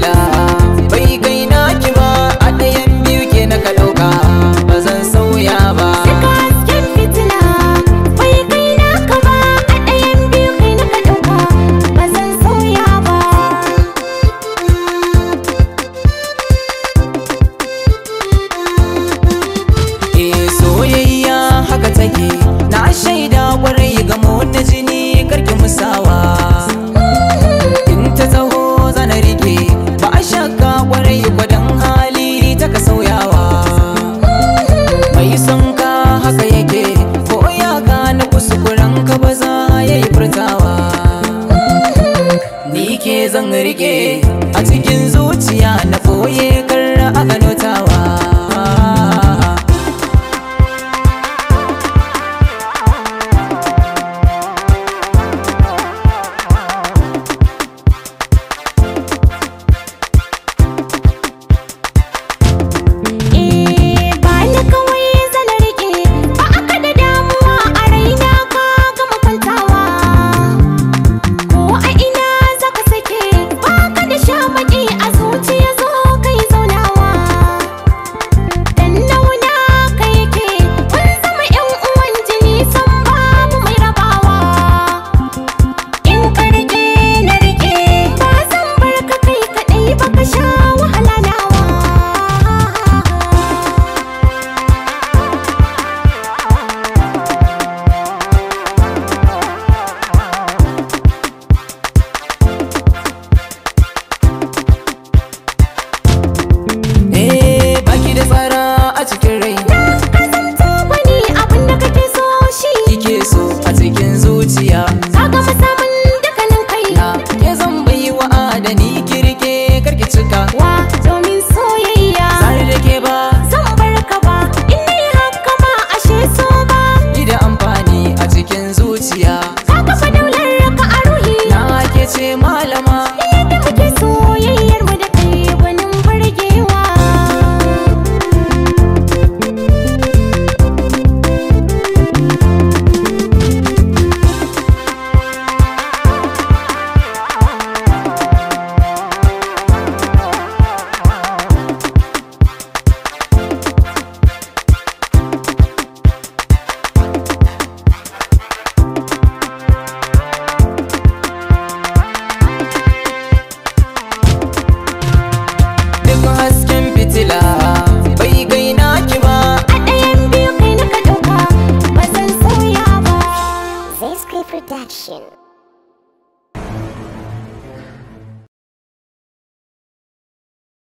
vacilar. zan rike a cikin zuciya na vení